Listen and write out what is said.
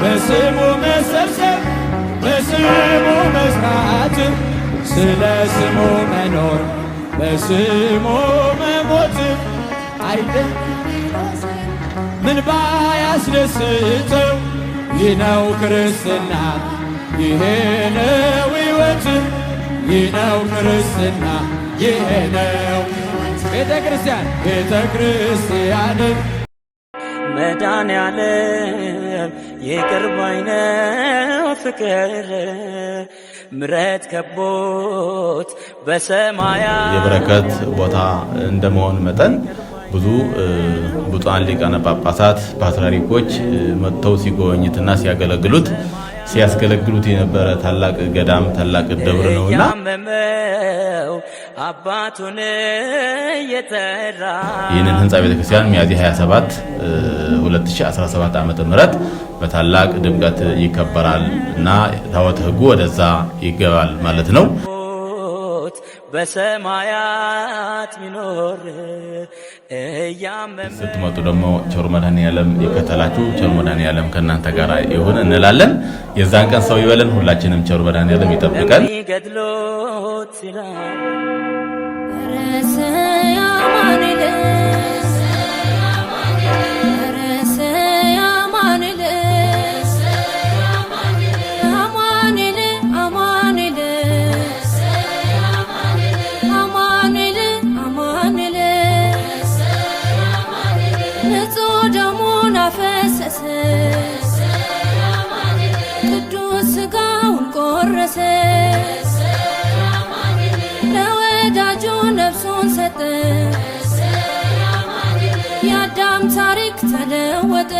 በስሙ መሰብሰብ በስሙ መስራት ስለ ስሙ መኖር በስሙ መሞት አይደል ምን ባያስደስተው ይህ ነው ክርስትና ይሄ ነው ሕይወት ይህ ነው ክርስትና ይሄ ነው ቤተ ክርስቲያን ቤተ ክርስቲያንን መዳን ያለም ይቅር ባይ ነው ፍቅር ምረት ከቦት በሰማያ የበረከት ቦታ እንደመሆን መጠን ብዙ ብፁዓን ሊቃነ ጳጳሳት ፓትርያርኮች መጥተው ሲጎበኙትና ሲያገለግሉት ሲያስገለግሉት የነበረ ታላቅ ገዳም ታላቅ ደብር ነውና አባቱን የተራ ይህንን ህንፃ ቤተክርስቲያን ሚያዝያ 27 2017 ዓመተ ምህረት በታላቅ ድምቀት ይከበራል እና ታቦተ ወደዛ ይገባል ማለት ነው። በሰማያት ሚኖር እያመመ ስትመጡ ደግሞ ቸሩ መድኃኔዓለም የከተላችሁ ቸሩ መድኃኔዓለም ከእናንተ ጋር ይሁን እንላለን። የዛን ቀን ሰው ይበለን። ሁላችንም ቸሩ መድኃኔዓለም ይጠብቀን። ደሙን አፈሰሰ፣ ቅዱስ ሥጋውን ቆረሰ፣ ለወዳጁ ነፍሱን ሰጠ። የአዳም ታሪክ ተለወጠ።